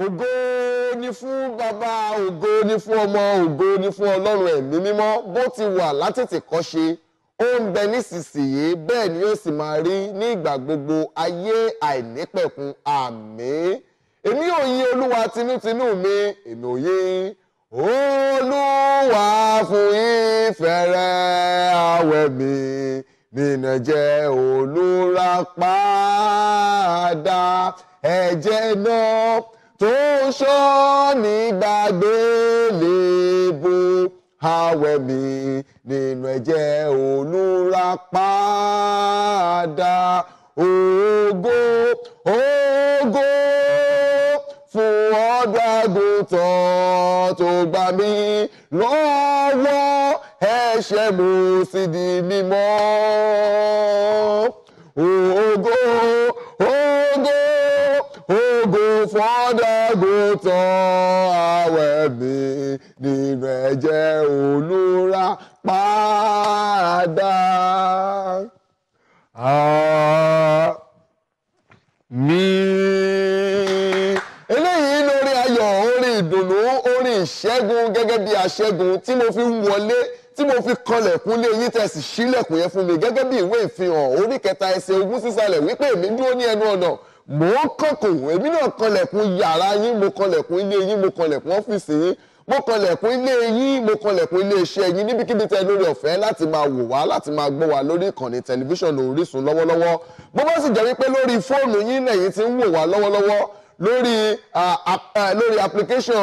ògo ni fún bàbá ògo ni fún ọmọ ògo ni fún ọlọ́run ẹ̀mí mímọ́ bó ti wà látètèkọ́ṣe ó ń bẹ nísinsìnyí bẹ́ẹ̀ ni ó sì máa rí ní ìgbà gbogbo ayé àìnípẹ̀kun àmín èmi ò yìn olúwa tinútinú mi èmi ò yìn olúwa fún ìfẹ́ rẹ̀ àwẹ̀ mi nínú jẹ́ olùràpadà ẹ̀jẹ̀ náà tó sọ nígbàgbé lèbo àwẹ̀ mi nínú ẹ̀jẹ̀ olùràpadà ògo ògo fún ọ̀dọ́ àgùntàn tó gbà mí lọ́wọ́ ẹ̀ṣẹ̀ mo sì di mímọ́ ògo. nínú ẹ̀jẹ̀ olùrà padà. àmín. eléyìí lórí ayọ̀ orin ìdùnnú orin ìṣẹ́gun gẹ́gẹ́ bí aṣẹ́gun tí mo fi ń wọlé tí mo fi kanlẹ̀kùn lé yín tẹ̀sí sílẹ̀kùn yẹn fún mi gẹ́gẹ́ bí ìwé ìfihàn orí kẹta ẹsẹ̀ ogún sísàlẹ̀ wípé èmi dúró ní ẹnu ọ̀nà mò ń kọ̀kùn èmi náà kanlẹ̀kùn yàrá yín mo kanlẹ̀kùn ilé yín mo kanlẹ̀kùn ọ́fíìsì yín mo kànlẹ̀kùn ilé yín mo kànlẹ̀kùn ilé iṣẹ́ yín níbikíbi tẹ lórí ọ̀fẹ́ láti máa wò wá láti máa gbọ́ wá lórí ìkànnì tẹlifíṣàn Orísun lọ́wọ́lọ́wọ́ bó bá sì jẹ́ wípé lórí fóònù yín lẹ́yìn tí ń wò wá lọ́wọ́lọ́wọ́ lórí lórí application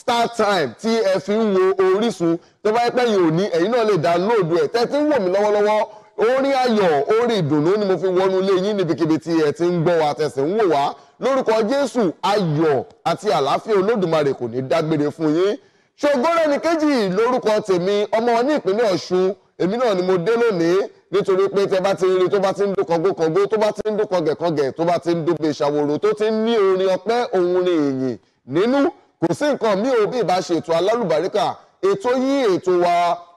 star time tí ẹ fi ń wo Orísun tó bá yẹ pé yìí ò ní ẹ̀yin náà lè download ẹ̀ tẹ́ ti ń wò mí lọ́wọ́lọ́wọ́ orin ayọ̀ orin ìdùnnú ni mo fi wọnú ilé yín níbikíbi tí ẹ ti ń gbọ́ wa tẹ̀sí ń wò wá lórúkọ jésù ayọ̀ àti àlàáfíà olódùmarè kò ní dágbére fún yín ṣògórẹ́ni kejì lórúkọ tèmi ọmọ ní ìpínlẹ̀ ọ̀ṣun èmi náà ni mo dé lónìí nítorí pé tẹ bá ti rí tó bá ti ń dún kọgbókọgbó tó bá ti ń dún kọgẹ̀kọgẹ̀ tó bá ti ń dún bèṣàwòrò tó ti ń ní orin ọpẹ́ òun ni èyìn nínú kò sí nǹkan mi ò bí ìbá ètò alálùbáríkà ètò yín ètò wa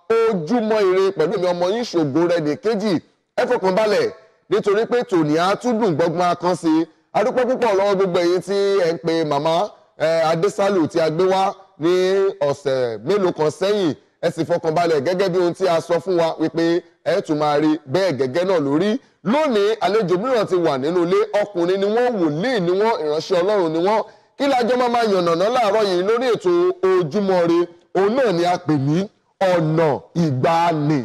ojúmọ́ ire pẹ̀lú mi ọmọ yín ṣògo rẹ̀ ní kejì ẹ fọkàn balẹ̀ nítorí pé tòní á tún dùn gbọ́gbọ́n akán sí i adúpẹ́ púpọ̀ lọ́wọ́ gbogbo ẹ̀yin tí ẹ̀ ń pe màmá adésálù tí a gbé wá ní ọ̀sẹ̀ mélòó kan sẹ́yìn ẹ sì fọkàn balẹ̀ gẹ́gẹ́ bí ohun tí a sọ fún wa wípé ẹ tún máa rí bẹ́ẹ̀ gẹ́gẹ́ náà lórí lónìí àlejò mìíràn ti wà nínú ilé ọkùnrin ni wọ́n wòlíì ni wọ́n ìránṣẹ́ ọlọ́run ni wọ́n kí lájọ́ máa máa yànnàná láàárọ̀ yìí lórí ètò ojúmọ́ re òun náà ni a pè ní ọ̀nà ìgbàanì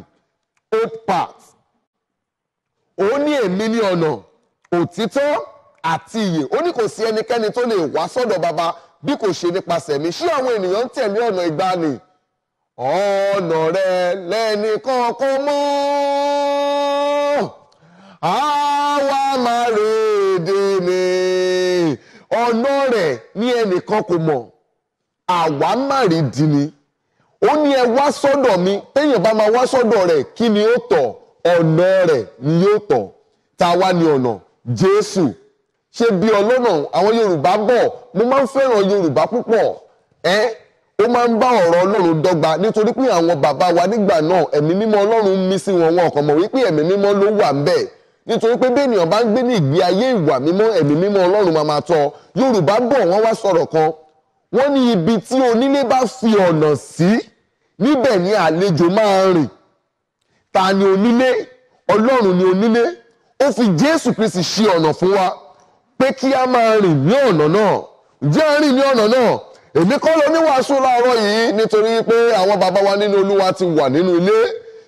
old path òun ní èmi ní ọ̀nà òtítọ́ àti ìyè ó ní kò sí ẹnikẹ́ni tó lè wá sọ́dọ̀ bàbá bí kò ṣe nípasẹ̀ mi ṣé àwọn ènìyàn ń tẹ̀lé ọ̀nà ìgbàanì ọ̀nà rẹ lẹ́nìkan kò mọ̀ àwa máa rèédè ni ọ̀nà rẹ̀ ní ẹnìkan kò mọ̀ àwa máa rí ni ó ní ẹ wá sọ́dọ̀ mi téèyàn bá máa wá sọ́dọ̀ rẹ̀ kí ni ó tọ̀ ọ̀nà rẹ̀ ni yóò tọ̀ ta wá ọ̀nà Jésù ṣe bí ọlọ́nà àwọn yorùbá bọ̀ mo máa ń fẹ́ràn yorùbá púpọ̀ ẹ́ ó máa ń bá ọ̀rọ̀ ọlọ́run dọ́gba nítorí pé àwọn bàbá wa nígbà náà ẹ̀mí mímọ́ ọlọ́run mí sí wọn wọn ọ̀kan mọ̀ wípé ẹ̀mí mímọ́ ló wà ń bẹ̀ nítorí pé bẹ́ẹ̀ ènìyàn bá ń gbé ní ìgbé ayé ìwà mímọ́ ẹ̀mí mímọ́ ọlọ́run máa máa tọ́ yorùbá bọ̀ wọ́n wá sọ̀rọ̀ kan wọ́n ní ibi tí onílé bá fi ọ̀nà sí níbẹ̀ ni àlejò máa rìn ta ni onílé ọlọ́run ni onílé ó fi jésù kristi ṣe ọ̀nà fún wa pé kí a máa rìn ní ọ̀nà náà ǹjẹ́ a rìn ní ọ̀nà náà èmi kọ́ ló níwàásù láàárọ̀ yìí nítorí pé àwọn bàbá wa nínú olúwa ti wà nínú ilé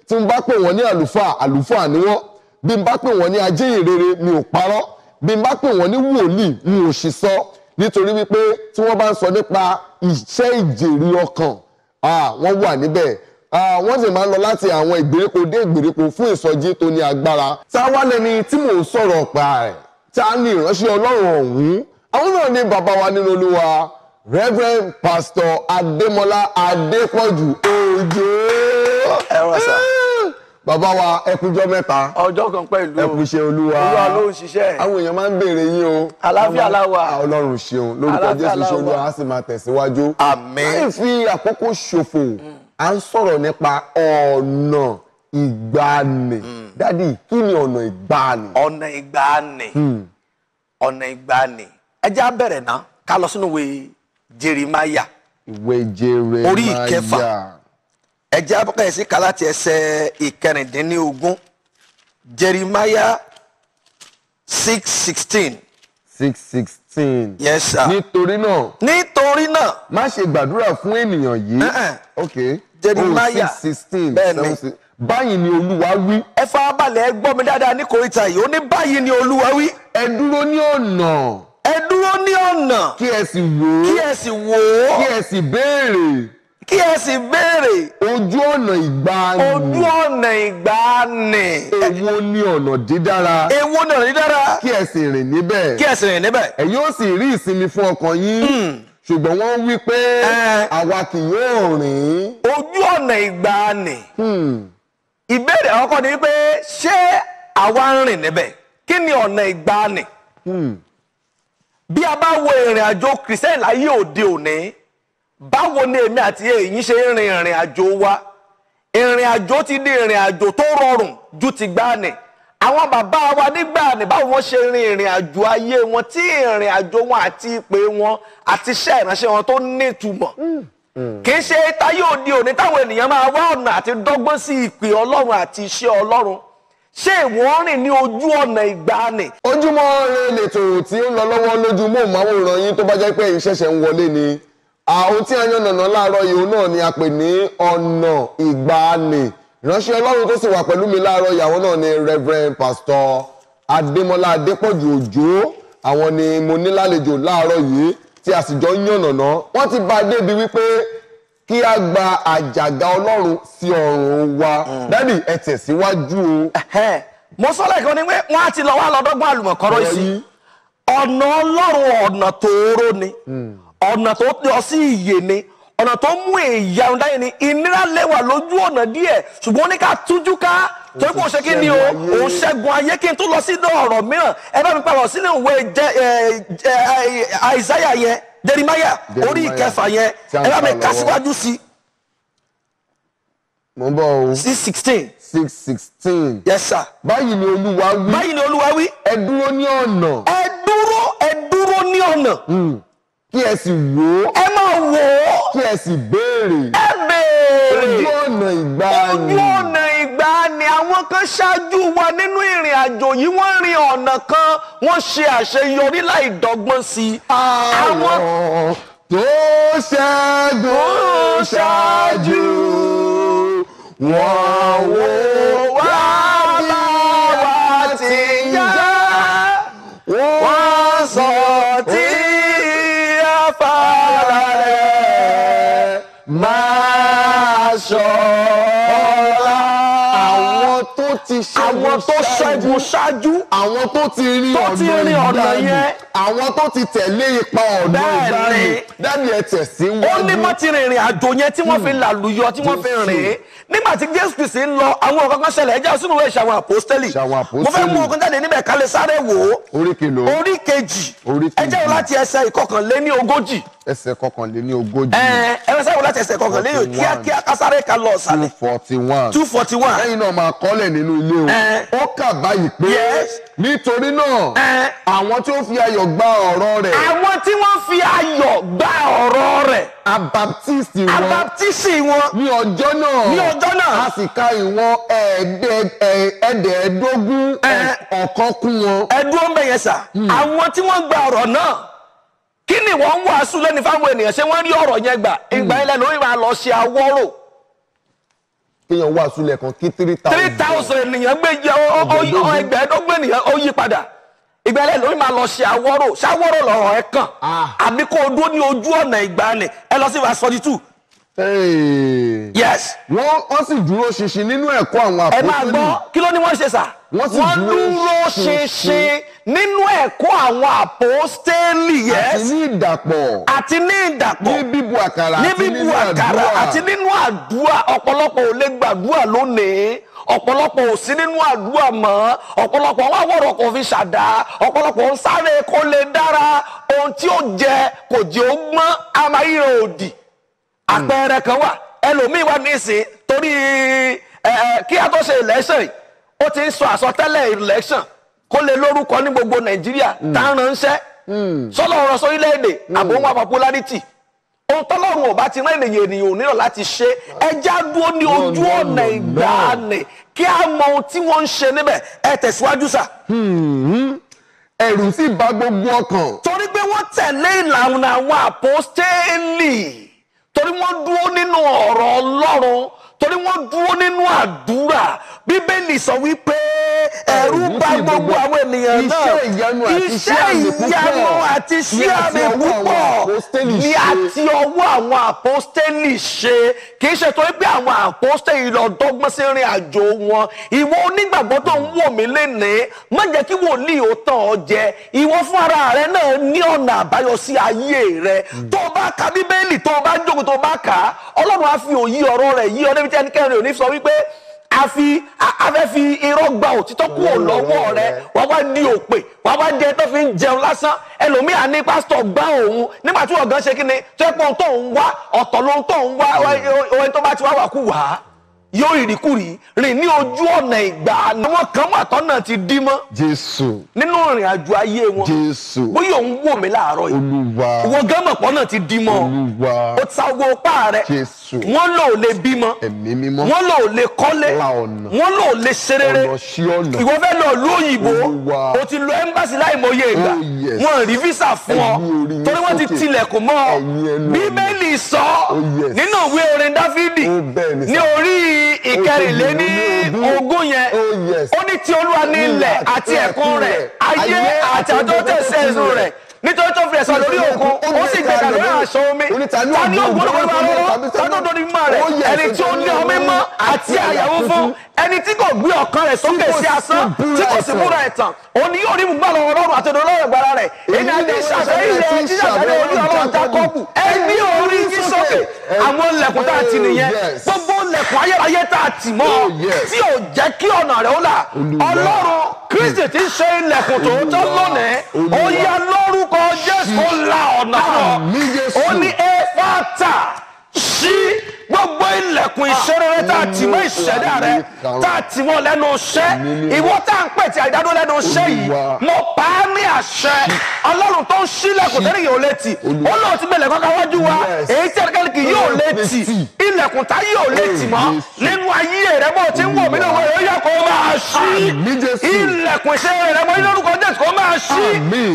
tí n bá pè wọ́n ní àlùfáà àlùfáà ni wọ́n bí n bá pè wọ́n ní ajíhìnrere mi ò parọ́ bí n bá pè wọ́n ní wòlíì mi ò sì sọ nítorí wípé tí wọ́n bá ń sọ nípa iṣẹ́ ìjèrè ọkàn wọ́n wà níbẹ̀ wọ́n sì máa ń lọ láti àwọn ìgbèríko dé ìgbèríko fún ìsọjí tó ní agbára táwa lẹni tí mò ń sọ̀rọ̀ pa rẹ̀ ta ni ìránṣẹ́ ọlọ́run ọ̀hún àwọn náà ni bàbá wa nínú olúwa reverend pastor adémọlá adépọ̀jù òjò. ẹ wá sá bàbá wa ẹkújọ mẹ́ta. ọjọ́ kan pẹ̀lú o ẹkúṣe olúwa olúwa ló ń ṣiṣẹ́. àwọn èèyàn máa ń béèrè yín o. aláfíà la wà. Ah, ọlọ́run ṣeun lórúkọ jésù ṣe olúwa á sì máa tẹ̀síwájú. àmín. láì fi àkókò ṣòfò mm. à ń sọ̀rọ̀ nípa ọ̀nà ìgbàanì hmm. dádì kí ni ọ̀nà ìgbàanì. ọ̀nà ìgbàanì hmm. ọ̀nà ìgbàanì ẹ jẹ́ á bẹ̀rẹ̀ ná ká lọ sínú ìwé jerimaya ìwé jerimaya orí ìkẹfà ẹ jẹ́ á sí ká láti ẹsẹ̀ ìkẹrìndínlógún jerimaya six sixteen. six sixteen. yes sir. nítorí náà. nítorí náà. má ṣe gbàdúrà fún ènìyàn yìí. ok jerimaya oh six sixteen. bẹ́ẹ̀ báyìí ni olúwa wí. ẹ farabalẹ̀ ẹ gbọ́ mi dáadáa ní koríta yìí ó ní báyìí ni olúwa wí. ẹ dúró ní ọ̀nà. ẹ dúró ní ọ̀nà. kí ẹ sì wò ó. kí ẹ sì wò ó. kí ẹ sì béèrè. kí ẹ sì béèrè. ojú ọ̀nà ìgbàanì. ojú ọ̀nà ìgbàanì. èwo ni ọ̀nà dídára. èwo ni ọ̀nà dídára. kí ẹ sì rìn níbẹ̀. kí ẹ sì rìn níbẹ̀. ẹ yóò sì rí ìsinmi fún ọkàn yín hmm. ṣùgbọ́n wọ́n wí pé eh. àwa kì yóò rìn. ojú ọ̀nà ìgbàanì. Hmm ìbéèrè àkọ́kọ́ ni pé ṣé àwa ń rìn níbẹ̀ kí ni ọ̀nà ìgbàanì hmm. bí a bá wo ìrìn àjò kìrìsẹ́nì láyé òde òní báwo ni èmi àti èyí ṣe ń rin ìrìn àjò wa ìrìn àjò ti di ìrìn àjò tó rọrùn ju ti gbàanì àwọn bàbá wa nígbàanì báwo wọ́n ṣe rin ìrìn àjò ayé wọn tí ìrìn àjò wọn àti ìpè wọn àti iṣẹ́ ìránṣẹ́ wọn tó nítumọ̀. Mm kì í ṣe táyé òde òní táwọn ènìyàn máa wá ọ̀nà àti dọ́gbọ́n sí ìpè ọlọ́run àti iṣẹ́ ọlọ́run ṣé ìwọ̀n rìn ní ojú ọ̀nà ìgbàanì. ojúmọ́ ire lètò tí ó ń lọ lọ́wọ́ lójú móhùnmáwòrán yín tó bá jẹ́ pé ìṣẹ̀ṣẹ̀ ń wọlé ni àwọn tí a yan nànà láàárọ̀ yìí náà ni a pè ní ọ̀nà ìgbàanì ìránṣẹ́ ọlọ́run tó sì wà pẹ̀lú mi láàárọ̀ ìyàwó náà ni Reverend Pastor Adémọ́lá Adépọ̀jù Òjó àwọn ni mo ní lálejò láàárọ̀ yìí tí a sì jọ ń yànnàná wọ́n ti bá a débi wípé kí a gba àjàgà ọlọ́run sí ọrùn wa mm. dádì ẹ tẹ̀síwájú o. mo sọ lẹ́ẹ̀kan ni pé wọ́n á ti lọ wá lọ́dọ́gbọ́n àlùmọ̀kọ́rọ́ yìí ọ̀nà ọlọ́run ọ̀nà tóóró ni mm. ọ̀nà tó yọ sí ìyè ni ọ̀nà tó mú ìyàrún dáyé ni ìnira lẹ́wà lójú ọ̀nà díẹ̀ ṣùgbọ́n ó tújú ká torí kò ṣe kí ni o òun ṣẹ́gun ayé kí n tó lọ sí ọ̀rọ̀ mìíràn ẹ bá mi pàrọ̀ sínú ìwé àìsáyà yẹn Jeremiah orí ìkẹfà yẹn ẹ bá mi kà síwájú sí. mo ń bọ̀ o. six sixteen. six sixteen. yes sir. báyìí ni olúwa wí. báyìí ni olúwa wí. ẹ ní ọ̀nà. ẹ dúró ní ọ̀nà. Hmm kí ẹ sì wò ó. ẹ máa wò ó. kí ẹ sì béèrè. ẹ béèrè. ojú ọ̀nà ìgbàanì. ojú ọ̀nà ìgbàanì àwọn kan ṣáájú wa nínú ìrìn àjò yìí wọ́n rin ọ̀nà kan wọ́n ṣe àṣeyọrí láì dọ́gbọ́n sí i. àwọn tó ṣẹ́gun ṣáájú wọ́n wò wá bá wa ti yá wọ́n sọ tí. aṣọ ọlá. àwọn tó ti ṣẹ́gun ṣáájú àwọn tó ṣẹ́gun ṣáájú àwọn tó ti rin ọ̀nà yẹn àwọn tó ti tẹ̀lé ipa ọ̀nà ìgbàanì dáàbì ẹ̀ tẹ̀ sí wọn. ó ní mọ́tì rìnrìn àjò yẹn tí wọ́n fi làlùyọ tí wọ́n fi rìn nígbà tí jésù kristi ń lọ àwọn ọ̀kan kan ṣẹlẹ̀ ẹjẹ́ sínú ìwé ìṣàwọn àpọ́stẹ́lì mo fẹ́ mú ogun jáde níbẹ̀ ká sáré wò ó orí kejì ẹjẹ́ wo láti ẹsẹ̀ ìkọkànléní ogójì. ẹsẹ̀ kọkànléní ogójì. ẹ wo láti ẹsẹ̀ kọkànléní ogójì kíákíá kásáré ká lọ ọ̀sálẹ̀. two forty one two forty one. lẹ́yìn náà máa kọ́lẹ̀ nínú ilé o ó kà báyìí pé nítorí náà àwọn tí ó fi ayọ̀ gba ọ̀rọ̀ rẹ̀. àwọn tí wọ́n fi ayọ̀ gba ọ̀rọ̀ rẹ̀. abaptisi wọn ní ọjọ́ náà ní ọjọ́ ọjọ́ náà. a sì ka ìwọ ẹ̀ẹ́dẹ̀ẹ́dógún ọ̀kan kún wọn. ẹ̀dúró ń bẹ̀ yẹn sà hmm. àwọn tí wọ́n gba ọ̀rọ̀ náà kí ni wọ́n ń wàásù lẹ́nu fáwọn ènìyàn ṣé wọ́n rí ọ̀rọ̀ yẹn gbà hmm. ìgbà yẹn lẹ́nu ìwà lọ ṣe awọ́rò. kéèyàn wàásù lẹ́ẹ̀kan kí three thousand. three thousand ènìyàn gbé jẹ ẹgbẹ̀ẹ́dógún ènìyàn ó yí padà ìgbẹ́lẹ̀ lórí máa lọ ṣe àwọ́rò ṣàwọ́rò lọ́rọ̀ ẹ̀ kàn ah. àbí kó o dúró ní ojú ọ̀nà ìgbàanì ẹ lọ sí wa sọ́dí tù yes. wọ́n wọ́n sì dúró ṣinṣin nínú ẹ̀kọ́ àwọn àpòsílẹ̀. ẹ máa gbọ́ kí ló ní wọ́n ṣe sà. wọ́n sì dúró ṣinṣin nínú ẹ̀kọ́ àwọn àpòsílẹ̀ yes. àti ní ìdàpọ̀. àti ní ìdàpọ̀. ní bíbu àkàrà àti nínú àdúrà. àti nínú àdúrà ọ̀pọ̀lọpọ̀ ò lè gbàdúrà lónìí ọ̀pọ̀lọpọ̀ ò sí nínú àdúrà mọ́ ọ̀pọ̀lọpọ̀ àwọn àwòrán kò fi ṣàdá ọ̀pọ̀lọpọ̀ ń sáré kó lè dára ohun tí ó jẹ kò jẹ́ ó gbọ́n amáyé òdì àpẹẹrẹ kan wà ẹlòmíì wà nísìn torí kí a tó ṣe election ó ti ń sọ àsọtẹ́lẹ̀ election kó lè lórúkọ ní gbogbo nàìjíríà hmm. tá à ń ránṣẹ́ hmm. sọlọ ọ̀rọ̀ sórílẹ̀-èdè hmm. àbò ń popularity ohun tọ́lọ́run ọba ti rán ènìyàn ènìyàn ò nílò láti ṣe ẹja dúró ní ojú ọ̀nà ìgbàanì kí a mọ ohun tí wọ́n ń ṣe níbẹ̀ ẹ tẹ̀síwájú sà. ẹ̀rù sì bà gbogbo ọkàn. torí pé wọ́n tẹ̀lé ìlànà àwọn àpọ́stélì torí wọ́n dúró nínú ọ̀rọ̀ Ọlọ́run torí wọ́n dúró nínú àdúrà bíbélì sọ wípé ẹ̀rù bà gbogbo àwọn ènìyàn náà iṣẹ́ ìyanu àti iṣẹ́ àmì púpọ̀ ni àti ọwọ́ àwọn àpọ́stélì ṣe kì í ṣe torí pé àwọn àpọ́stélì lọ dọ́gbọ́n sí ìrìn àjò wọn ìwọ onígbàgbọ́ tó ń wò mí lénìí má jẹ́ kí wòlíì ó tàn ọ́ jẹ ìwọ fún ara rẹ náà ní ọ̀nà àbáyọ sí ayé rẹ tó o bá ka bíbélì tó o bá jókòó tó o bá kà á ọlọ́run á fi òye ọ̀rọ̀ rẹ̀ yí ọ débi tí ẹnikẹ́ni ò ní sọ wípé a fi a fẹ́ fi irọ́ gba òtítọ́ kúrò lọ́wọ́ rẹ wàá wá di òpè wàá wá jẹ tó fi ń jẹun lásán ẹlòmíà ní pásítọ̀ gbá òun nígbà tí ọ̀gán ṣe kí ni tó ẹ̀ pọ̀ tó ń wá ọ̀tọ̀ ló ń tó ń wá hmm. ohun tó bá ti wá wà kú wàá yóò ìrìkúrì rìn ní ojú ọ̀nà ìgbà àwọn kan wà tọ́nà ti dí mọ́. jésù. nínú ìrìn àjò ayé wọn. jésù. bóyá òun wò mí láàárọ̀ yìí. olúwa. wọ́n gánmọ̀ pọ́nà ti dí mọ́. olúwa. o ta owó pa rẹ. jésù. wọ́n lò lè bímọ. ẹ̀mí mímọ́. wọ́n lò lè kọ́lé. la ọ̀nà. wọ́n lò lè ṣerere. ọ̀nà sí ọ̀nà. ìwọ fẹ́ lọ ìlú òyìnbó. olúwa. o ti lọ ẹ́mbásì láìmọye ìgbà. Oh, wọ́n rí físà ti tilẹ̀kùn mọ́ ọ. bíbélì ti sọ oh, nínú ìwé orin dáfídì oh, ní orí ìkẹrìnléní oh, ogún yẹn ó ní ti olúwa ní ilẹ̀ àti ẹ̀kún rẹ̀ ayé àti àtọ́tẹ̀sẹ̀ inú rẹ̀ nítorí tó fi ẹ̀sán lórí òkun ó sì gbé kàlẹ́ aṣọ omi tani ó gbọ́dọ̀ gbọ́dọ̀ lọ́wọ́ tani ó dọ́ni mọ́ rẹ̀ ẹni tí ó ní ọmọ mọ́ àti àyàwó fún ẹni tí kò gbé ọkàn rẹ̀ sókè sí asán tí kò sì múra ẹ̀tàn òun ni yóò rí mú gbàlọ́ ọlọ́run àti ọlọ́run gbára rẹ̀ èyí ni ṣàṣàyí rẹ̀ ṣíṣàṣàyí orí ọlọ́run ta kọ́ọ̀pù ẹni orí yí sókè àwọn lẹ̀kùn tá a ti nìyẹn oh, gbogbo lẹ̀kùn ayérayé tá a tì mọ́ oh, tí ò jẹ́ kí ọ̀nà rẹ̀ ó là ọlọ́run Kristi ti ṣe ilẹ̀kùn tòótọ́ lónìí ó yá lórúk orúkọ jésù ó hmm. ọ̀nà ó ní éfátà ṣí gbogbo ilẹ̀kùn ìṣerere tá a ti mọ́ ìṣẹ̀dá rẹ tá a ti mọ́ lẹ́nu iṣẹ́ ìwọ tá à ń pè tí àìdádó lẹ́nu iṣẹ́ yìí mo pa á ní àṣẹ ọlọ́run tó ń ṣílẹ̀kùn tẹ́lẹ̀ yìí ò létí ó lóòótí gbẹlẹ̀ kọ́kọ́ wájú wa èyí tí ẹnikẹ́ni kì yóò létí tilẹ̀kùn táyé ò lè tì mọ́ oh, nínú ayé rẹ bó ti ń wò mí lówó rẹ ó yẹ kó máa ṣí ilẹ̀kùn iṣẹ́ rẹ mọ́ lórúkọ Jésù kó máa ṣí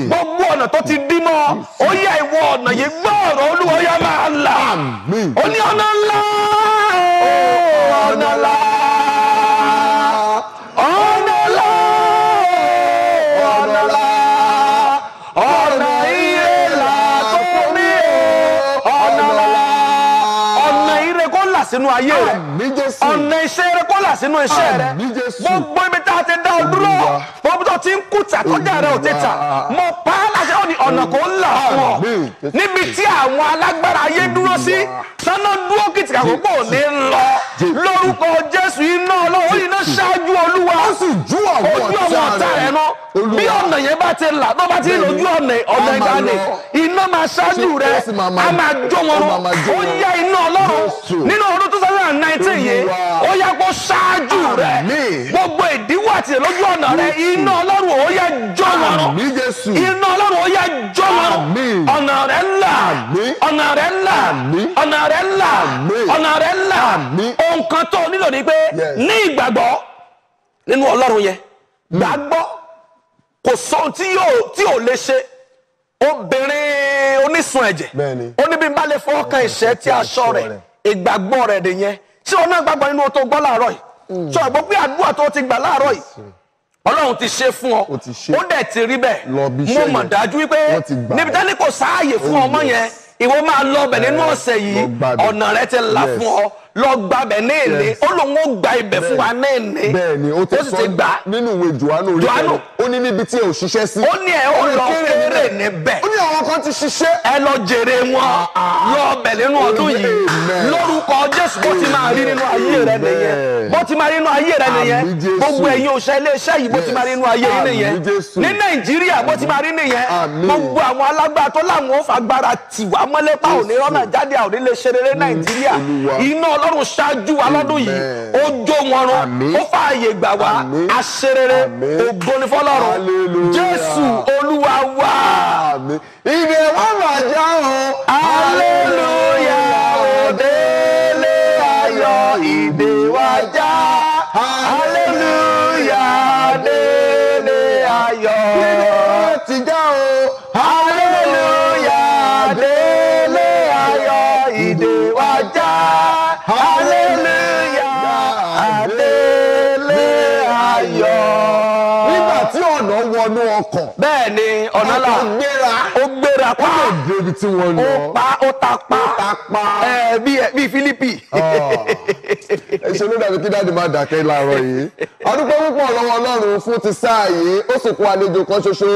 gbogbo ọ̀nà tó ti dí mọ́ ó yẹ ìwọ ọ̀nà yìí gbọ́ ọ̀rọ̀ Olúwa ó yẹ máa là ó ní ọ̀nà ńlá oh, ọ̀nà ńlá. ayé rẹ ọ̀nà iṣẹ́ rẹ kó là sínú iṣẹ́ rẹ gbogbo ibi tá a ti dá ọ dúró gbogbo tó ti ń kùtà tọ́jà rẹ ò ti tà mo pa á láṣẹ ó ní ọ̀nà kò ń là fún ọ níbi tí àwọn alágbára ayé dúró sí sánà kìtìkà kókó ò ní lọ lórúkọ jésù iná ọlọ́run iná ṣáájú olúwa ó sì ọ̀tá rẹ̀ náà bí ọ̀nà yẹn bá ti là tó bá ti lójú ọ̀nà ọ̀nà ìgbàanì iná máa ṣáájú rẹ̀ a máa jó wọn ó yá iná ọlọ́run nínú ọdún two yìí yá kó ṣáájú rẹ gbogbo ìdíwọ́ àti ìlójú ọ̀nà rẹ iná ọlọ́run ó yá jó wọn iná ọlọ́run ó yá jó wọn ọ̀nà rẹ là ọ̀nà rẹ là ọ̀nà rẹ là ọ̀nà rẹ là ohun kan tó nílò ni pé ní ìgbàgbọ́ nínú ọlọ́run yẹn hmm. gbàgbọ́ kò sóhun tí yóò lè ṣe obìnrin onísun ẹ̀jẹ̀ ó ní bí n bá lè fọwọ́ kan ìṣẹ́ tí aṣọ rẹ̀ ìgbàgbọ́ rẹ̀ nìyẹn tí wọn náà gbàgbọ́ nínú tó gbọ́ láàárọ̀ yìí sọ mm. àgbọ̀ pé àdúrà tó ti gbà láàárọ̀ yìí ọlọ́run ti ṣe fún ọ ó dẹ̀ ti rí bẹ́ẹ̀ mo mọ̀ dájú wípé níbi tẹ́lẹ̀ kò sáàyè fún oh, ọmọ yẹn ìwọ máa lọ bẹ̀ nínú eh, ọ̀sẹ̀ yìí ọ̀nà rẹ ti là fún ọ lọ gbabẹ̀ ní èlé ó lòun ó gba ibẹ̀ fún wa ní èlé bẹ́ẹ̀ni ó ti sọ nínú ìwé Jòhánù orí ẹ̀rọ ó ní níbi tí ẹ ò ṣiṣẹ́ sí. ó ní ẹ ó lọ kéré níbẹ̀ ó ní àwọn kan ti ṣiṣẹ́. ẹ lọ jèrè wọn ah, ah. lọ ọbẹ̀ nínú ọdún yìí lórúkọ Jésù bó ti máa rí nínú ayé rẹ nìyẹn bó ti máa rí nínú ayé rẹ nìyẹn gbogbo ẹ̀yin òṣà iléeṣẹ́ yìí bó ti máa rí nínú ayé yìí nìyẹn ní Nàìjíríà bó ti máa rí nìyẹn gbogbo àwọn alágbára tó ò ọlọ́run ṣáájú wa lọ́dún yìí ó jó wọn run ó fààyè gbà wá aṣerere ògo fọlọ́run jésù olúwa wá. ìgbẹ̀wọ́n màjá o. hallelujah. ta pa ó débi tí wọ́n lọ ó pa ó ta pa ó ta pa ẹ bí bí Fílípì. Ah. ẹ ṣe ló dàbí kí dáàdì máa dákẹ́ láàárọ̀ yìí adúpẹ́ púpọ̀ lọ́wọ́ Ọlọ́run fún ti sáà yìí ó sì kó àlejò kan ṣoṣo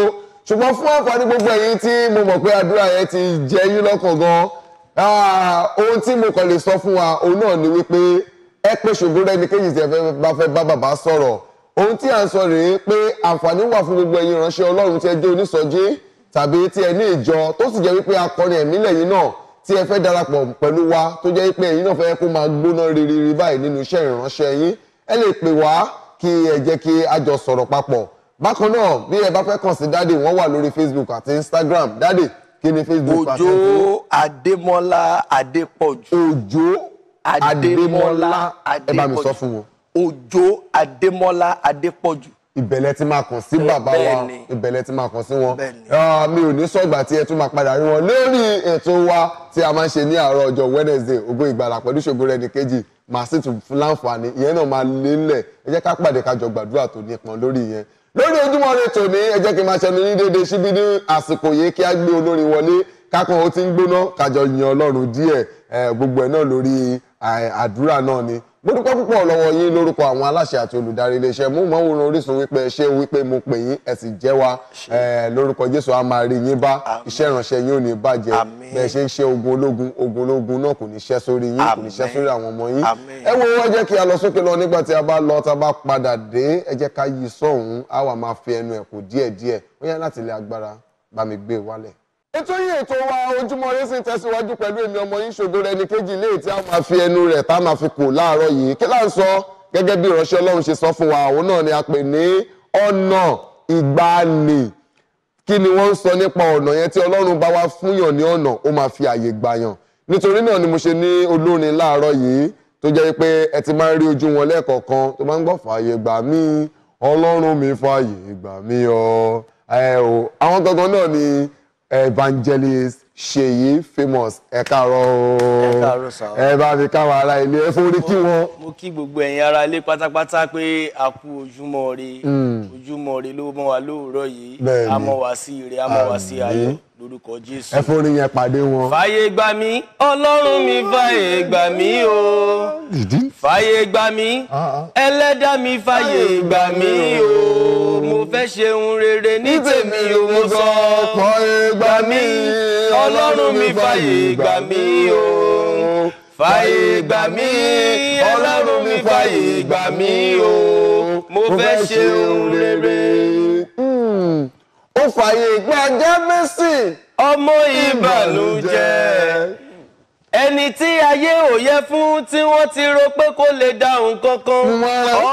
ṣùgbọ́n fún àǹfààní gbogbo ẹ̀yin tí mo mọ̀ pé àdúrà yẹn ti jẹ́ yín lọ́kàn gan ah, ohun tí mo kàn lè sọ fún wa òun náà ni wípé ẹ pé ṣògo rẹni kéjì tí ẹ bá fẹ́ bá bàbá sọ̀rọ̀ ohun tí à ń sọ rèé pé àǹfààní wà fún gbogbo ẹ̀yin ìránṣẹ́ Ọlọ́run tí ẹ jẹ́ onísọjí tàbí tí ẹ ní ìjọ tó sì jẹ́ wípé akọrin ẹ̀mí lẹ́yìn náà tí ẹ fẹ́ darapọ̀ pẹ̀lú wa tó jẹ́ wípé ẹ̀yin náà fẹ́ kó máa gbóná ririri báyìí nínú iṣẹ́ ìránṣẹ́ yín ẹ lè pè wá kí ẹ jẹ́ kí a jọ sọ̀rọ̀ papọ̀ bákan náà bí ẹ bá fẹ́ kàn sí dáàdì wọ́n wà lórí Facebook àti Instagram dáàdì kí ni Facebook pàṣẹ fún. Òjó Adémọ́lá Adépọ̀jù. Òjó Adémọ́lá Adépọ̀jù. ẹ bá mi ìbẹ̀lẹ̀ ti máa kàn sí bàbá wa ìbẹ̀lẹ̀ ti máa kàn sí wọn ah, mi ò ní sọ̀gbà tí ẹ tún máa padà rí wọn lórí ètò wa tí a máa ń ṣe ní àárọ̀ ọjọ́ Wednesday Ògo Ìgbàlà pẹ̀lú ṣògo rẹ̀ nìkejì màá sì tún fún láǹfààní ìyẹn náà máa lélẹ̀ ẹ jẹ́ ká pàdé ká jọ gbàdúrà tó nípọn lórí ìyẹn lórí Ojúmọ́ Ire tòní ẹ jẹ́ kí n máa ṣẹnu ní dédé síbi ní àsìkò yìí kí á gbé olórin wọlé kákan ó ti ń gbóná kájọ yin Ọlọ́run díẹ̀ gbogbo ẹ̀ náà lórí àdúrà náà ni mo dúpẹ́ púpọ̀ lọ́wọ́ yín lórúkọ àwọn aláṣẹ àti olùdarí iléeṣẹ́ mú mọ́ òun Orísun wípé ṣé wípé mo pè yín ẹ sì jẹ́ wa lórúkọ Jésù a máa rí yín bá iṣẹ́ ìrànṣẹ́ yín ò ní bàjẹ́ bẹ́ẹ̀ ṣe ń ṣe ogun ológun ogun ológun náà kò ní ṣẹ́ sórí yín kò ní ṣẹ́ sórí àwọn ọmọ yín ẹ wo ẹ jẹ́ kí a lọ sókè lọ nígbà tí a bá lọ tá a bá padà dé ẹ jẹ́ ká yí sọ́hún á wà máa fi ẹnu ẹ̀kú ètò yìí ètò wa ojúmọ́ ire sì ń tẹ̀síwájú pẹ̀lú èmi ọmọ yín Ṣòdórẹ́níkejì léyìí tí a máa fi ẹnu rẹ̀ tá a máa fi kò láàárọ̀ yìí kí là ń sọ gẹ́gẹ́ bí ìránṣẹ́ Ọlọ́run ṣe sọ fún wa òun náà ni a pè ní ọ̀nà ìgbàanì kí ni wọ́n ń sọ nípa ọ̀nà yẹn tí Ọlọ́run bá wá fúnyàn ní ọ̀nà ó máa fi àyè gbàyàn nítorí náà ni mo ṣe ní olórin láàárọ̀ yìí tó jẹ́ pé ẹ ti máa ń rí ojú wọn lẹ́ẹ̀kọ̀ọ̀kan tó máa ń gbọ́ fààyè gbà mí Ọlọ́run mi fààyè gbà mí o àwọn gangan náà ni evangelist ṣèyí famous ẹ káàárọ̀ ooo ẹ bá mi káwọn ará ilé ẹ fún orí kí wọn. mo kí gbogbo ẹ̀yin ará ilé pátápátá pé a kú ojúmọ́ ire hmm. ojúmọ́ ire ló mọ́ wa lóòrọ̀ yìí a mọ̀ wá sí ire a mọ̀ wá sí ayọ̀ lórúkọ jésù. ẹ forí yẹn pàdé wọn. fàyè gbà mí ọlọ́run mi fàyè gbà mí o. fàyè gbà mí ah, ah. ẹlẹ́dà mi fàyè gbà mí o. mo fẹ́ ṣeun rere ní tèmi o mo sọ. fàyè gbà mí ọlọ́run mi fàyè gbà mí o. fàyè gbà mí ọlọ́run mi fàyè gbà mí o. mo fẹ́ ṣeun rere tún fàyè gba jẹ́mísì. ọmọ ìbànújẹ́ ẹni tí ayé ò yẹ fún tí wọ́n ti rò pé kó lè da nǹkan kan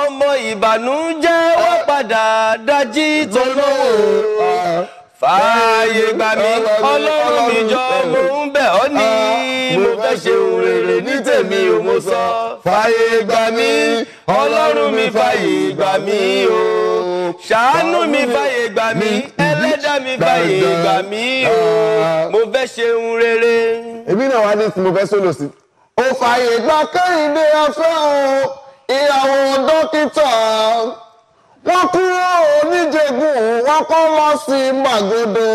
ọmọ ìbànújẹ́ wọ́n padà dájí tọ́lọ́wọ́ fààyè gbà mí ọlọ́run mi jọ mo ń bẹ̀ ọ́ ní ah, mo fẹ́ ṣe ohun rere ní tèmi ò mo sọ fààyè gbà mí ọlọ́run mi fààyè gbà mí o ṣàánú mi fààyè gbà mí mi báyìí ìgbà mi o mo fẹ́ se ohun rere. èmi náà wá ní tí mo fẹ́ sólò sí. ó fààyè gba kẹ́hìndé afẹ́ o ìyàwó dókítà wọ́n kúrò níjẹ̀gùn wọ́n kọ́ lọ sí màgòdò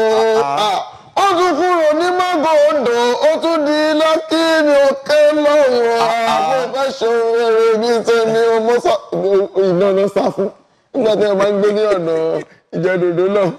ah, ah. Ah, ó tún kúrò ní màgòdò ó tún di lọ́kì ní òkè lọ́wọ́ àwọn ìfẹ́ ṣe rere ní tèmi o mo ìnáná nígbà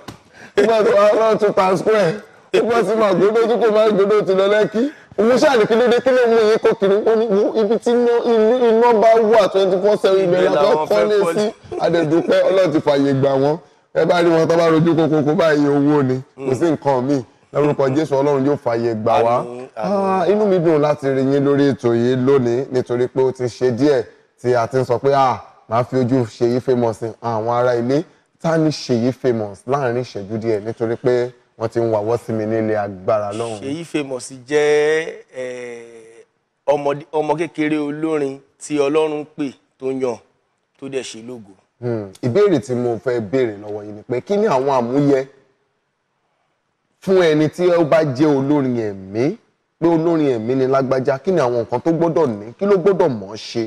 wọ́n ti wá lọ́ọ́ tún times square wọ́n ti máa gbódó tí kò máa gbódó ti lọ lẹ́kí mo ṣáà ní kí ló dé kí ló mú yín kó kiri ó ní ibi tí iná bá wà twenty four seven ìbẹ̀rẹ̀ àtọ́ kọ́lé sí àdẹ̀dùpẹ́ ọlọ́run ti fààyè gbà wọ́n ẹ bá rí wọn tó bá rojú kókókó báyìí owó ni kò sí nǹkan míì lórúkọ jésù ọlọ́run yóò fààyè gbà wá ah, inú mi dùn láti rí yín lórí ètò yìí lónìí nítorí pé ó ti ṣe díẹ̀ tí a ti ń sọ pé ah màá fi ojú ṣe yí fẹ́ mọ̀ sí àwọn ará ilé ta ni Ṣèyí famous láàrin ìṣẹ́jú díẹ̀ nítorí pé wọ́n ti ń wàwọ́ sí mi nílé agbára lọ́hùn. Ṣèyí famous jẹ́ ọmọ kékeré olórin tí Ọlọ́run pè tó yàn tó dẹ̀ ṣe lógo. Hmm, ìbéèrè tí mo fẹ́ béèrè lọ́wọ́ yìí ni pé kí ni àwọn àmúyẹ fún ẹni tí ó bá jẹ́ olórin ẹ̀mí pé olórin ẹ̀mí ni lágbájá kí ni àwọn nǹkan tó gbọ́dọ̀ ní kí ló gbọ́dọ̀ mọ̀ ọ́ ṣe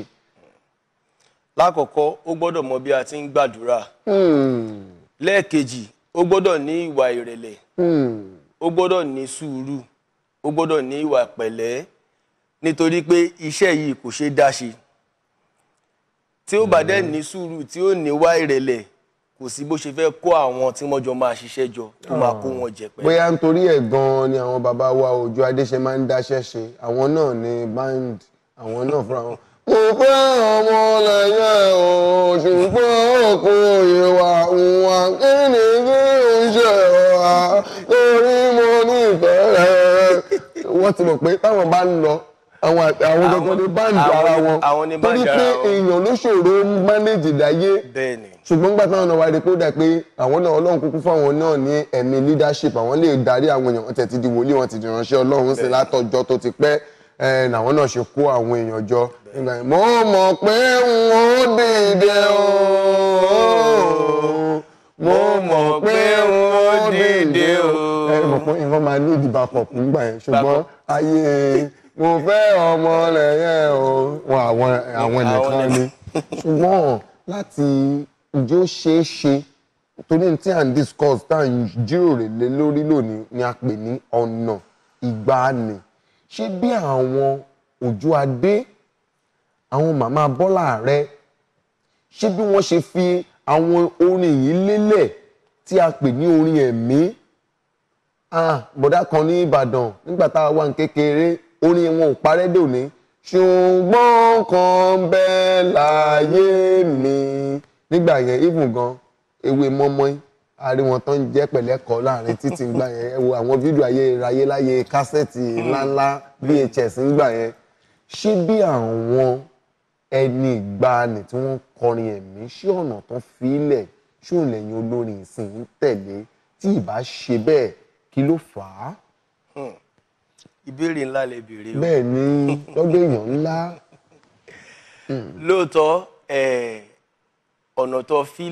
lákọ̀ọ́kọ́ ó gbọ́dọ̀ mọ bí a ti ń gbàdúrà hmm. lẹ́ẹ̀kejì ó gbọ́dọ̀ ní ìwà ìrẹ̀lẹ̀ hmm. ó gbọ́dọ̀ ní sùúrù ó gbọ́dọ̀ ní ìwà pẹ̀lẹ́ nítorí pé iṣẹ́ yìí kò ṣeé dá ṣe tí ó bá dẹ̀ hmm. ní sùúrù tí ó ní wá ìrẹ̀lẹ̀ kò sí bó ṣe fẹ́ kó àwọn tí wọ́n jọ máa ṣiṣẹ́ jọ tó máa kó wọn jẹ pẹ́. bóyá nítorí ẹ̀ gan-an ni àwọn bàbá wa Òjó Adéṣe máa ń dáṣẹ́ ṣe àwọn náà ní band àwọn náà fúnra wọn kò fẹ́ ọmọ lẹ́yìn ẹ̀hún ṣùgbọ́n kò ìwà ìwà kí ni kí n ṣe wà lórí mo nífẹ̀ẹ́ rẹ̀. wọ́n ti mọ̀ pé táwọn bá ń lọ àwọn àwọn ní báńdì ara wọn torí pé èèyàn ló ṣòro mánéjì dáyé ṣùgbọ́n gbà táwọn náà rí pé pé àwọn náà ọlọ́run kúkú fáwọn náà ní ẹ̀mí leadership àwọn lè darí àwọn èèyàn tẹ̀ ti di wòlíì wọn ti di ìránṣẹ́ ọlọ́run sí látọjọ́ tó ti pẹ́ làwọn náà ṣe kó àwọn èèyàn jọ mo mọ̀ pé n ó dìde o mo mọ̀ pé n ó dìde o. ẹ mọ̀ pé ìwọ́n máa ní ìdìbò àpọ̀pù ńgbà yẹn ṣùgbọ́n ayé mo fẹ́ ọmọ rẹ̀ yẹn o wọn àwọn nìkan ni ṣùgbọ́n láti ǹjẹ́ ó ṣeé ṣe torí tí à ń discuss tá à ń jíròrè lé lórí lónìí ni a pè ní ọ̀nà ìgbàanì ṣé bí àwọn Òjó Adé àwọn màmá Bọ́lá Ààrẹ ṣé bí wọ́n ṣe fi àwọn orin yìí lélẹ̀ tí a pè ní orin ẹ̀mí ah bọ̀dá kan ní Ìbàdàn nígbà tá a wà ní kékeré orin wọn ò parẹ́ dòní ṣùgbọ́n kan bẹ́ẹ̀ láyé mi nígbà yẹn even gan ewé mọ́mọ́í a rí wọn tó ń jẹ́ pẹ̀lẹ́kọ́ láàrin títí ń gbà yẹn ẹ wo àwọn fídíò ayé ráyé láyé kásẹ̀tì hmm. ńláńlá VHS ń gbà yẹn ṣé bí àwọn ẹni ìgbani tí wọ́n kọrin ẹ̀mí ṣé ọ̀nà tó fi ilẹ̀ ṣé òun lẹ́yìn olórin ìsìn ń tẹ̀lé tí ìbá ṣe bẹ́ẹ̀ kí ló fà á. Hmm. ìbéèrè ńlá lè béèrè o. bẹ́ẹ̀ ni lọ́dọ̀ èèyàn ńlá. Hmm. lóòótọ́ ọ̀nà tó fi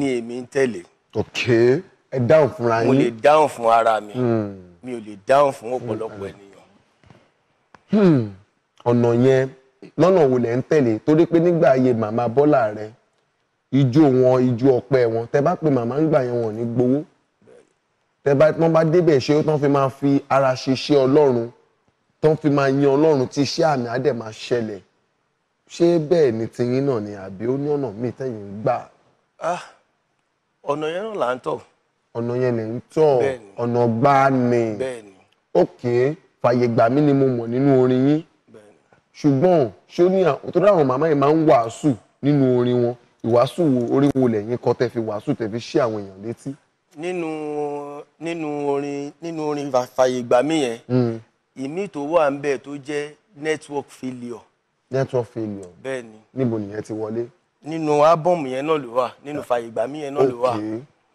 ni èmi ń tẹ̀lé okay ẹ dáhùn fúnra yín. mo lè dáhùn fún ara mi hmm. mi ò lè dáhùn fún ọ̀pọ̀lọpọ̀ hmm. ènìyàn. Hmm. ọ̀nà yẹn lọ́nà wo lẹ̀ ń tẹ̀lé torí pé nígbà ayé màmá Bọ́lá rẹ ijó wọn ijó ọpẹ wọn tẹ bá pe màmá ń gbà yẹn wọn ò ní gbowó tẹ bá wọn bá débẹ̀ ṣe ó tán fi máa fi ara ṣe iṣẹ́ Ọlọ́run tán fi máa yan Ọlọ́run tí iṣẹ́ àmì á dẹ̀ máa ṣẹlẹ̀ ṣé bẹ́ẹ̀ ni tiyín náà ni àbí ó ní ọ̀nà míì tẹ̀yìn ń gbà. ah ọ̀nà yẹn náà là ń tọ̀. ọ̀nà yẹn lè ń tọ̀ ọ̀nà gbá ni òkè fàyè gbà mí ni mo mọ̀ nínú orin yín ṣùgbọ́n ṣé ó ní àtúntò àwọn màmá yìí máa ń wàásù nínú orin wọn ìwàásù wo orí wo lẹ́yìn kọ́ tẹ fi wàásù tẹ fi ṣí àwọn èèyàn létí. nínú nínú orin nínú orin fàyè gbà mí yẹn hmm. ìmí tó wà ń bẹ tó jẹ́ network failure. network failure bẹ́ẹ̀ ni níbo nìyẹn ti wọlé nínú ábọ̀mù yẹn náà ló wà nínú ah, fàyègbà mi yẹn náà ló wà.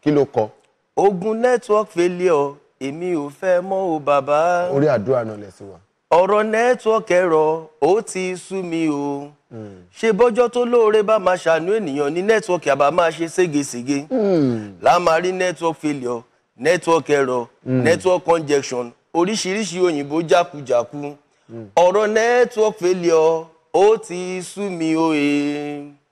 kí ló kọ. ogun network failure èmi ò fẹ́ mọ́ o bàbá. orí àdúrà náà lẹ sí wa. ọ̀rọ̀ network ẹ̀rọ ó ti sú mi o. Hmm. ṣe bọ́jọ́ tó lóore bá máa ṣàánú ènìyàn ní network àbá máa ṣe ségesège. Hmm. la máa rí network failure network error hmm. network congestion oríṣiríṣi òyìnbó jákujàku ọ̀rọ̀ mm. network failure ó ti sú mi o èè. E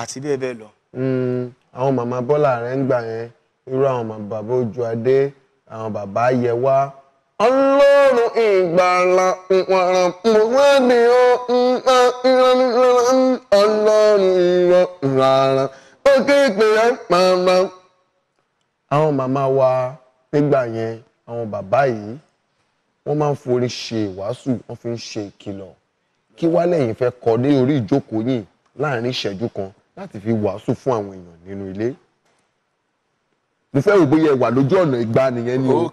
àti bẹ́ẹ̀ bẹ́ẹ̀ lọ. Hmm, àwọn màmá bọ́lá rẹ̀ ń gbà yẹn irú àwọn bàbá ojú adé àwọn bàbá yẹ wá. ọlọ́run ìgbàlà ìwàrà mo wádìí ń bá ìrànlọ́wọ́ ọlọ́run ìrànlọ́ ó kéèké ẹ̀ àwọn màmá wa nígbà yẹn àwọn bàbá yìí wọ́n máa ń forí ṣe ìwàásù wọ́n fi ń ṣe ìkìlọ̀ kí wá lẹ́yìn fẹ́ kọ́ dé orí ìjókòó yìí láàrin ìṣẹ́jú kan láti fi wàásù fún àwọn èèyàn nínú ilé mo fẹ́ rò bóyá ẹ lójú ọ̀nà ìgbà nìyẹn ni o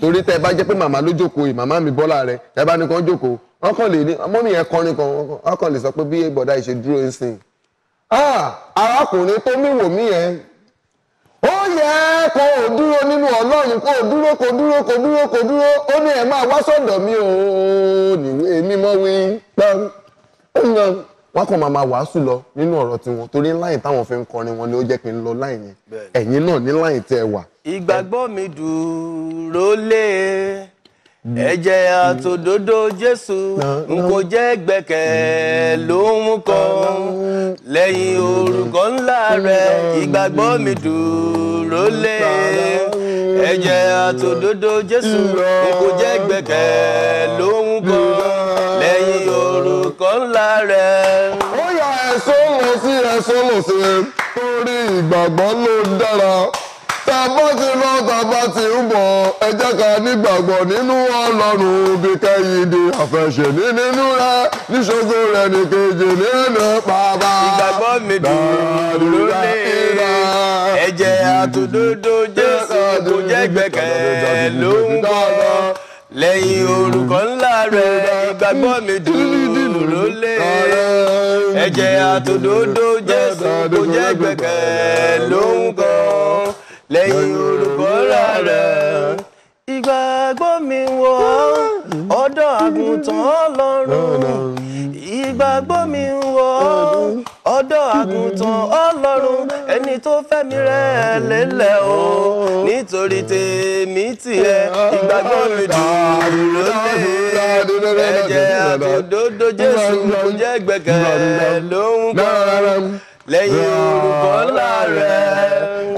torí tẹ bá jẹ́ pé màmá ló jókòó yìí màmá mi bọ́lá rẹ tẹ bá nìkan jókòó wọ́n lè ní ọmọ mi yẹn kọrin kan wọ́n lè sọ pé bí bọ̀dá ìṣe dúró ń sìn arákùnrin tó mí wò mí yẹn ó yẹ kó o dúró nínú ọlọ́run kó o dúró kó dúró kó dúró kó dúró ó ní ẹ máa wá sọ́dọ̀ mi ò ní èmi mọ́ wí pam ń yan wọ́n kàn máa máa wàásù lọ nínú ọ̀rọ̀ tiwọn torí láyìn táwọn fi ń kọrin wọn ni ó jẹ́ kí n lọ láyìn yẹn ẹ̀yin náà ní láyìn tẹ́ wà. ìgbàgbọ́ mi dúró lé e. ẹ̀jẹ̀ àtòdodo Jésù n kò jẹ́ gbẹ̀kẹ̀ lóhun kan lẹ́yìn orúkọ ńlá rẹ̀ ìgbàgbọ́ mi dúró lé e. ẹ̀jẹ̀ àtòdodo Jésù n kò jẹ́ gbẹ̀kẹ̀ lóhun kan ńlá rẹ̀. ó yà ẹ̀sọ́ lọ sí ẹ̀sọ́ lọ sí torí ìgbàgbọ́ ló dára tàbá ti lọ tàbá ti ń bọ̀ ẹ jẹ́ ká nígbàgbọ́ nínú ọlọ́run bí kẹ́yìndé àfẹsẹ̀ní nínú rẹ níṣogo rẹ ní kejì nínú bàbá. ìgbàgbọ́ mi dùn lónìí ẹ̀jẹ̀ àtòdodo jésù kò jẹ́ gbẹ̀kẹ̀ ló ń bọ̀ lẹ́yìn orúkọ ńlá rẹ̀ ìgbàgbọ́ mi dúró lé ẹ̀jẹ̀ àtòdodo Jésù kò jẹ́ gbẹ̀kẹ̀ lóhùn kan lẹ́yìn orúkọ ńlá rẹ̀ ìgbàgbọ́ mi wọ̀ ọ̀dọ̀ àgùntàn Ọlọ́run ìgbàgbọ́ mi wọ̀ ọ̀dọ́ àgùntàn ọlọ́run ẹni tó mi rẹ̀ lélẹ̀ o nítorí tèmi tiẹ̀ ìgbàgbọ́ mi dùn lóde ẹ̀jẹ̀ àtòdodo jésù kò jẹ́ gbẹ̀gẹ̀ lóhùn kan lẹ́yìn orúkọ ńlá rẹ̀.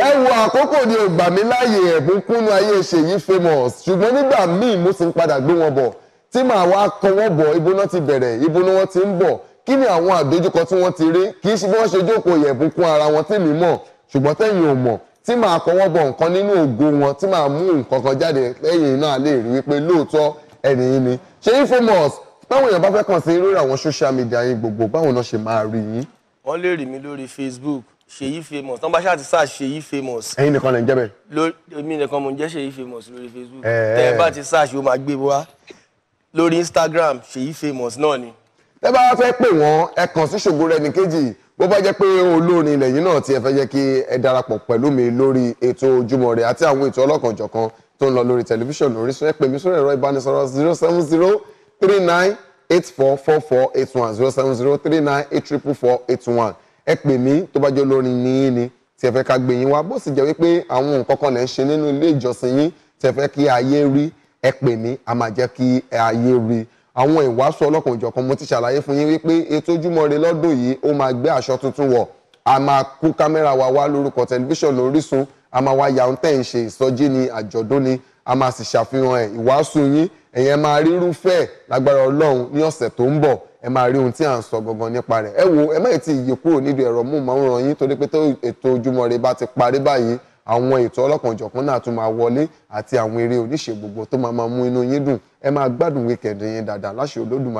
ẹ wo àkókò ni ò gbà mí láàyè ẹ̀bùn kúnnú ayé Ṣèyí famous ṣùgbọ́n nígbà míì mo sì ń padà gbé wọn bọ̀ tí màá wá kọ wọ́n bọ̀ ibo náà ti bẹ̀rẹ̀ ibo náà wọ́n ti ń bọ̀ kí ni àwọn àdójúkọ tí wọ́n ti rí kì í ṣe bí wọ́n ṣe jókòó yẹ̀bùn kún ara wọn tí mi mọ̀ ṣùgbọ́n tẹ́yìn ò mọ̀ tí màá kọ́wọ́ bọ̀ nǹkan nínú ògo wọn tí màá mú nǹkan kan jáde lẹ́yìn náà lè rí wípé lóòótọ́ ẹni yìí ni ṣé infomos báwọn èèyàn bá fẹ́ kàn sí lórí àwọn social media yín gbogbo báwọn náà ṣe máa rí yín. wọ́n lè rí mi lórí Facebook ṣèyí famous tán bá ṣáà ti sá ṣèyí famous. ẹ̀yin nìkan lè ń jẹ bẹ́ẹ̀. lórí èmi nìkan mo ń jẹ ṣèyí famous lórí Facebook. tẹ ẹ bá ti sá ṣe ó máa gbé wa lórí Instagram ṣèyí famous náà ni tẹ́ bá fẹ́ pè wọ́n ẹ kàn sí Ṣògorẹ́nìkejì bó bá jẹ́ pé olórin lẹ́yìn náà tí ẹ fẹ́ jẹ́ kí ẹ darapọ̀ pẹ̀lú mi lórí ètò Ojúmọ́ Ire àti àwọn ètò ọlọ́kanjọ̀kan tó ń lọ lórí tẹlifíṣàn Orísun ẹ pè mí sórí ẹ̀rọ ìbánisọ̀rọ̀ zero seven zero three nine eight four four four eight one zero seven zero three nine eight triple four eight one ẹ pè mí tó bá jẹ́ olórin nìyí ni tí ẹ fẹ́ ká gbé yín wá bó sì jẹ́ wípé àwọn nǹkan kan lẹ́ ń ṣe nínú ilé ìjọsìn yín tí ẹ fẹ́ kí ayé rí ẹ pè mí a máa jẹ́ kí ayé rí àwọn ìwàásù ọlọ́kan ìjọ̀kan mo ti ṣàlàyé fún yín wípé ètò Ojúmọ́ Ire lọ́dún yìí ó máa gbé aṣọ tuntun wọ̀ a máa kú kámẹ́rà wa wá lórúkọ tẹlifíṣàn Orísun a máa wá yàrá tẹ̀ ń ṣe ìsọjí ni àjọ̀dún ni a máa sì ṣàfihàn ẹ̀ ìwàásù yín ẹ̀yẹn máa rí irúfẹ́ lágbára Ọlọ́run ní ọ̀sẹ̀ tó ń bọ̀ ẹ máa rí ohun tí à ń sọ gangan nípa rẹ̀ ẹ wo ẹ má ti yí kúrò nídìí ẹ̀rọ mú màá ń ràn yín torí pé ètò Ojúmọ́ Ire bá ti parí báyìí àwọn ètò ọlọ́kanòjọ̀kan náà tún máa wọlé àti àwọn eré oníṣe gbogbo tó máa máa mú inú yín dùn ẹ máa gbádùn wíkẹ̀ndì yín dáadáa láṣẹ Olódùmarè